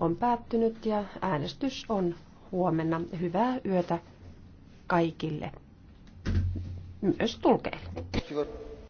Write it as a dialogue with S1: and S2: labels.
S1: on päättynyt ja äänestys on huomenna. Hyvää yötä kaikille, myös
S2: tulkeille.